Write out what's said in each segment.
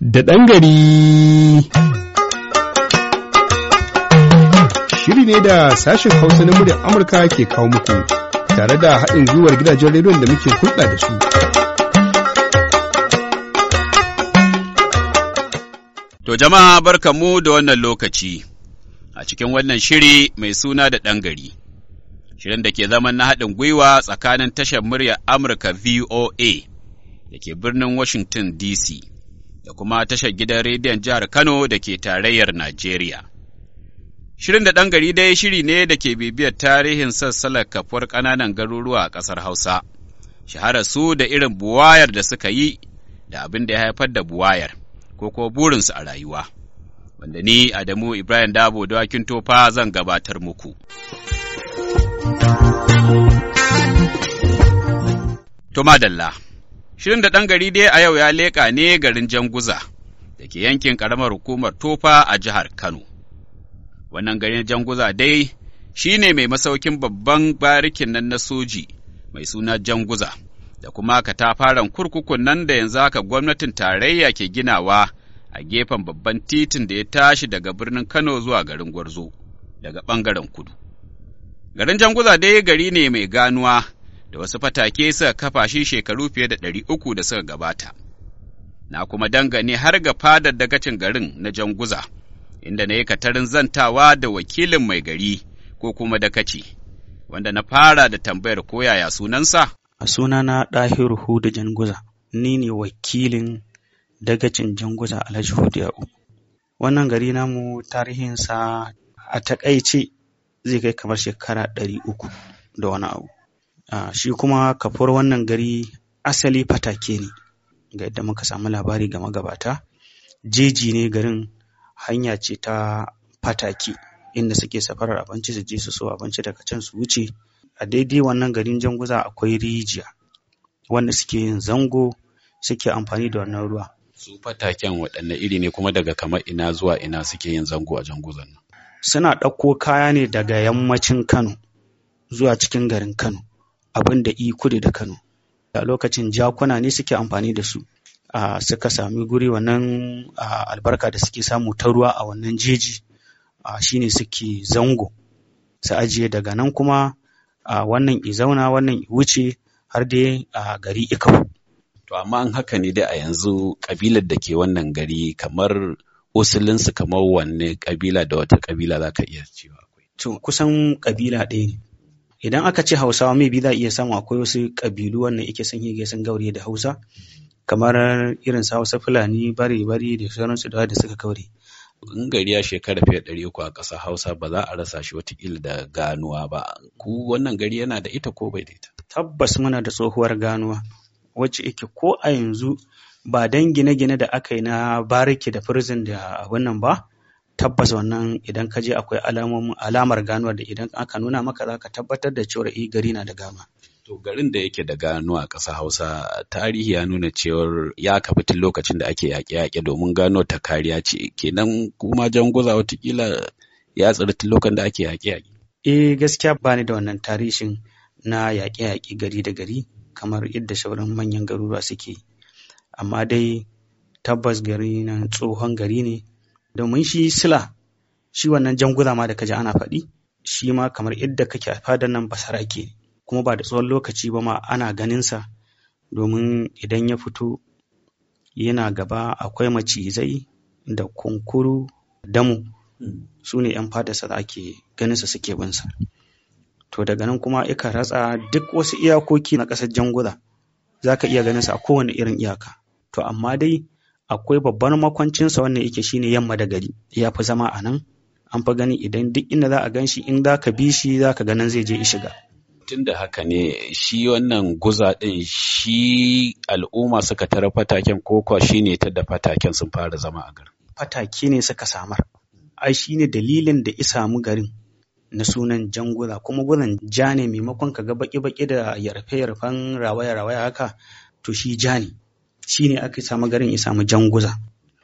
da ɗan gari. Shiri ne da sashen Hausa na muryar Amurka ke kawo muku tare da haɗin gwiwar gidajen rediyon da muke hulɗa da su. To jama'a mu da wannan lokaci a cikin wannan shiri mai suna da ɗan gari. Shirin da ke zaman na haɗin gwiwa tsakanin tashar Murya Amurka VOA da ke birnin Washington DC. da kuma tashar gidan rediyon jihar Kano da ke tarayyar Najeriya. Shirin da ɗan gari dai shiri ne da ke bibiyar tarihin sassalar kafuwar ƙananan garuruwa a ƙasar Hausa, shaharar su da irin buwayar da suka yi da abin da ya haifar da buwayar, ko ko burinsu a rayuwa. Wanda ni Adamu Ibrahim Dabo da wakin tofa zan gabatar muku. Tumadalla. Shirin da ɗan gari dai a yau ya leƙa ne garin Janguza da ke yankin ƙaramar hukumar Tofa a jihar Kano. Wannan garin Janguza dai shi ne mai masaukin babban barikin nan na soji mai suna Janguza da kuma katafaren kurkukun nan da yanzu haka gwamnatin tarayya ke ginawa a gefen babban titin da ya tashi daga birnin Kano zuwa garin Gwarzo daga ɓangaren kudu. Garin Janguza dai gari ne mai ganuwa. da wasu fatake suka kafa shi shekaru fiye da ɗari uku da suka gabata. Na kuma dangane har ga fadar dagacin garin na Janguza, inda na yi katarin zantawa da wakilin mai gari ko kuma dakaci, wanda na fara da tambayar koyaya sunansa. A sunana Ɗahiru da Janguza, ni ne wakilin dagacin Janguza Alhaji Hudiya'u. Wannan gari namu tarihinsa a takaice zai kai kamar shekara ɗari uku da wani abu. Ah, shi kuma kafar wannan gari asali fatake ne ga yadda muka samu labari ga magabata jeji ne garin hanya ce ta fatake inda suke safarar abinci su je su so abinci daga can su wuce a daidai wannan garin janguza akwai rijiya wanda suke yin zango suke amfani da wannan ruwa su fataken waɗanne iri ne kuma daga kamar ina zuwa ina suke yin zango a janguzan nan suna ɗauko kaya ne daga yammacin kano zuwa cikin garin kano abin da i kudu da Kano. A lokacin jakuna ne suke amfani da su. suka sami guri wannan albarka da suke samu ta ruwa a wannan jeji shine suke zango su ajiye daga nan kuma wannan izauna wannan wuce har dai a gari ikau. To amma an haka ne dai a yanzu kabilar da ke wannan gari kamar usulinsu kamar wanne kabila da wata kabila za ka iya cewa. To kusan kabila ɗaya ne Idan aka ce Hausawa mai za a iya samu akwai wasu ƙabilu wannan ike sun hige sun gauri da Hausa kamar irin sa Hausa Fulani, Bare-bare da sauransu da suka kaure. in gari ya shekara fiye ɗari uku a ƙasar Hausa ba za a rasa shi watakila da ganuwa ba. Ku wannan gari yana da ita ko bai da ita? Tabbas muna da tsohuwar ganuwa wacce ike ko a yanzu ba dan gine-gine da aka yi na bariki da prison da abin nan ba tabbas wannan idan ka je akwai alamar ganuwa da idan aka nuna maka za ka tabbatar da cewar yi eh, gari na da gama. To garin da yake da ganuwa a ƙasa Hausa tarihi ya nuna cewar ya kafi tun lokacin da ake yaƙe-yaƙe domin gano ta kariya ce kenan kuma janguza watakila ya tsira tun lokacin da ake yaƙe-yaƙe. Eh gaskiya ba ni da wannan tarihin na yaƙe-yaƙe gari da gari kamar yadda sauran manyan garuruwa suke amma dai tabbas gari nan tsohon gari ne domin shi sila shi wannan jan ma da kaji ana faɗi shi ma kamar yadda kake a fadar nan basarake kuma ba da tsawon lokaci ba ma ana ganinsa domin idan ya fito yana gaba akwai macizai da kunkuru damu su ne 'yan fadarsa da ake ganinsa suke binsa to daga nan kuma ka ratsa duk wasu iyakoki na ƙasar janguza za ka iya ganinsa a kowane irin iyaka to amma dai akwai babban makwancinsa wannan yake shine yamma da gari ya fi zama a nan an fi gani idan duk inda za a gan shi in za ka bi shi za ka ganin zai je shiga tun da haka ne shi wannan guza ɗin shi al'umma suka tara fataken ko kuwa shi ne ta da fataken sun fara zama a garin fatake ne suka samar ai shi ne dalilin da isamu garin na sunan jan guza kuma guzan ja ne maimakon ka ga baki-baki da yarfe-yarfen rawaya-rawaya haka to shi ja ne Shi ne aka samu garin ya samu janguza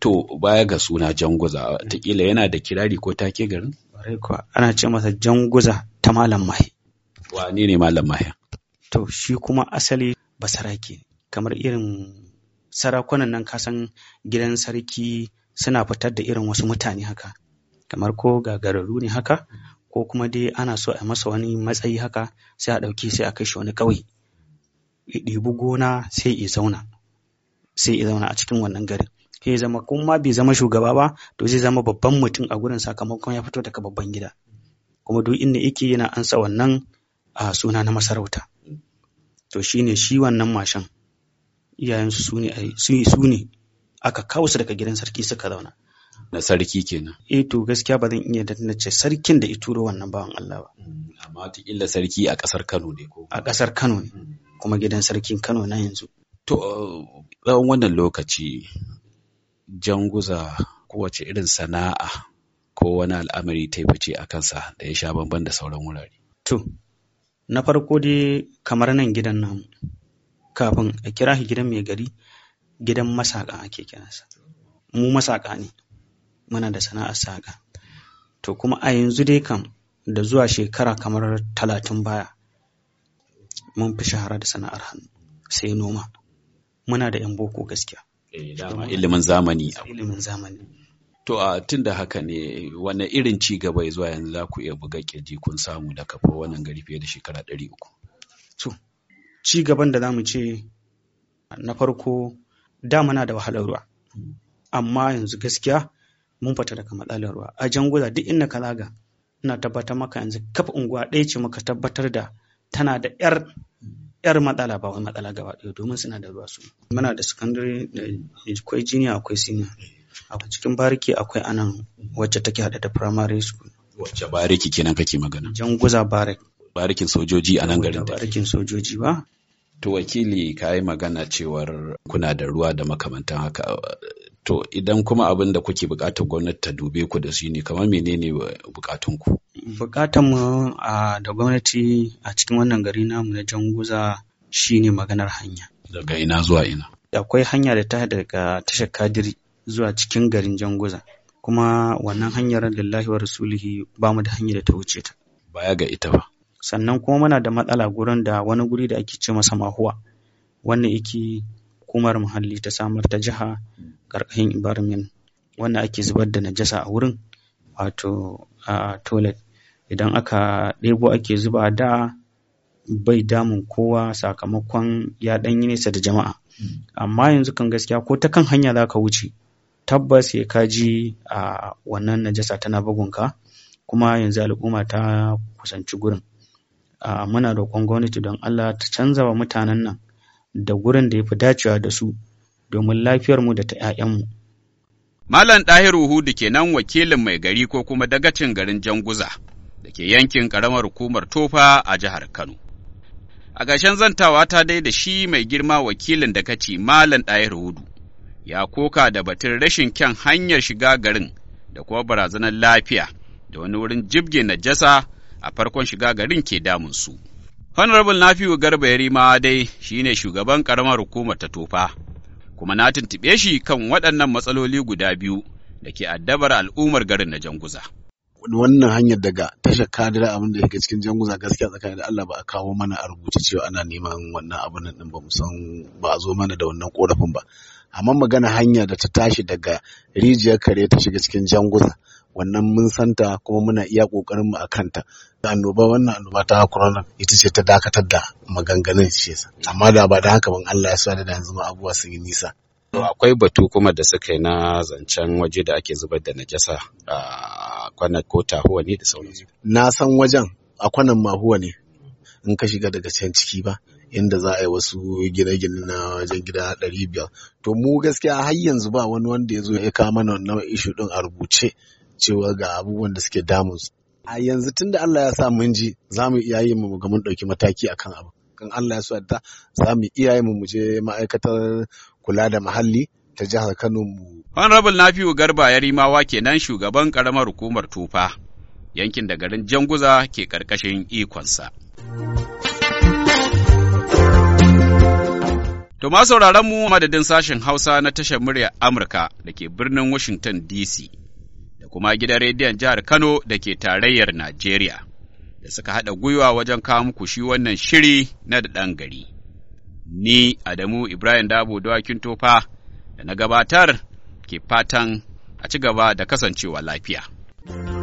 to baya ga suna janguza taƙila yana da kirari ko take garin ana ce masa janguza ta malam mahi wane ne malam mahi to shi kuma asali basarake kamar irin sarakunan nan kasan gidan sarki suna fitar da irin wasu mutane haka kamar ko gagararru ne haka ko kuma dai ana so a masa wani matsayi haka sai a ɗauki sai a kai shi wani ƙauye ɗibi gona sai ya zauna sai ya zauna a cikin wannan garin ke zama kun ma bai zama shugaba ba to zai zama babban mutum a gurin sakamakon ya fito daga babban gida kuma duk inda yake yana ansa wannan a suna na masarauta to shine shi wannan mashin iyayensu su ne su ne aka kawo su daga gidan sarki suka zauna na sarki kenan eh to gaskiya ba zan iya ce sarkin da ya turo wannan bawan Allah ba hmm, amma wata sarki a kasar Kano ne ko a kasar Kano ne hmm. kuma gidan sarkin Kano na yanzu To, tsawon wannan lokaci janguza kowace irin sana'a ko wani al'amari ta fice a kansa da ya sha bamban da sauran wurare. To, na farko dai kamar nan gidan nan kafin a kira shi gidan mai gari gidan masaka ake kiransa. Mu masaka ne, muna da sana'ar saka To kuma a yanzu dai kam da zuwa shekara kamar talatin baya mun fi shahara da sana'ar hannu sai noma. muna da 'yan boko gaskiya eh, ilimin zamani ilimin zamani to a tun da haka ne wani irin ci gaba zuwa yanzu za ku iya buga kirji kun samu da kafa wannan gari fiye da shekara ɗari uku to ci gaban da zamu ce na farko da muna da wahalar ruwa amma yanzu gaskiya mun fata daga matsalar ruwa a janguza duk inda ka zaga ina tabbatar maka yanzu kafa unguwa ɗaya ce muka tabbatar da tana da 'yar yar matsala ba wai matsala gaba ɗaya domin suna da ruwa su muna da secondary akwai jiniya akwai senior a cikin bariki akwai anan wacce take hada da primary school wacce bariki kenan kake magana janguza barik barikin sojoji a nan garin barikin sojoji ba to wakili ka yi magana cewar kuna da ruwa da makamantan haka to idan kuma abin da kuke buƙatar gwamnati ta dube ku da su ne kamar menene uh, bukatun ku bukatan mu da gwamnati a cikin wannan gari namu na janguza shine maganar hanya daga ina zuwa ina akwai hanya da ta daga tashar kadiri zuwa cikin garin janguza kuma wannan hanyar lillahi wa rasulihi ba mu da hanyar da ta wuce ta baya ga ita ba sannan kuma muna da matsala gurin da wani guri da ake ce masa mahuwa wannan iki, hukumar muhalli ta samar ta jiha ƙarƙashin ibarmin wanda ake zubar da najasa a wurin wato a toilet idan aka ɗebo ake zuba da bai damun kowa sakamakon ya ɗan yi nesa da jama'a amma yanzu kan gaskiya ko ta kan hanya za ka wuce tabbas ya kaji a wannan najasa tana bugunka kuma yanzu al'umma ta kusanci gurin muna roƙon gwamnati don allah ta canza wa mutanen nan da gurin da ya fi dacewa da su domin lafiyarmu da ta ‘ya'yanmu. Malam Ɗahiru Hudu kenan wakilin mai gari ko kuma dagacin garin Janguza da ke yankin ƙaramar hukumar Tofa a jihar Kano. A ƙarshen zantawa ta dai da shi mai girma wakilin da kaci Malam Ɗahiru Hudu ya koka da batun rashin kyan hanyar shiga garin da kuma barazanar lafiya da wani wurin jibge najasa a farkon shiga garin ke damunsu. Honorable Nafi'u Garba Yarima dai shi ne shugaban ƙaramar hukumar ta Tofa. kuma na tuntuɓe shi kan waɗannan matsaloli guda biyu da ke addabar al'ummar garin na Janguza. Wannan hanyar daga tashar kadira abin da yake cikin Janguza gaskiya tsakanin da Allah ba a kawo mana a rubuce cewa ana neman wannan abin din ba mu san ba a zo mana da wannan korafin ba. Amma magana hanya da ta tashi daga rijiyar kare ta shiga cikin Janguza wannan mun santa kuma muna iya kokarin mu a kanta annoba wannan annoba ta corona ita ce ta dakatar da maganganun shi amma da ba da haka ban Allah ya sa da yanzu ma abuwa sun yi nisa akwai batu kuma da suka yi na zancen waje da ake zubar da najasa a kwanan ko tahuwa ne da su. na san wajen a kwanan mahuwa ne in ka shiga daga can ciki ba inda za a yi wasu gine-gine na wajen gida ɗari biyar to mu gaskiya har yanzu ba wani wanda ya zo ya kama mana wannan ishu ɗin a rubuce cewa ga abubuwan da suke damun su a yanzu da Allah ya sa mun ji za mu iya yin mu ga mun ɗauki mataki akan abu kan Allah ya so yadda za mu iya yin mu je ma'aikatar kula da muhalli ta jihar Kano mu Honorable Nafiu Garba Yarimawa kenan shugaban karamar hukumar Tufa yankin da garin Janguza ke karkashin ikonsa. To ma sauraron mu madadin sashen Hausa na tashar muryar Amurka da ke birnin Washington DC. kuma gidan rediyon jihar Kano da ke tarayyar Najeriya, da suka haɗa gwiwa wajen kawo muku shi wannan shiri na da ɗan gari. Ni Adamu Ibrahim Dabo Dawakin Tofa da na gabatar ke fatan a ci gaba da kasancewa lafiya.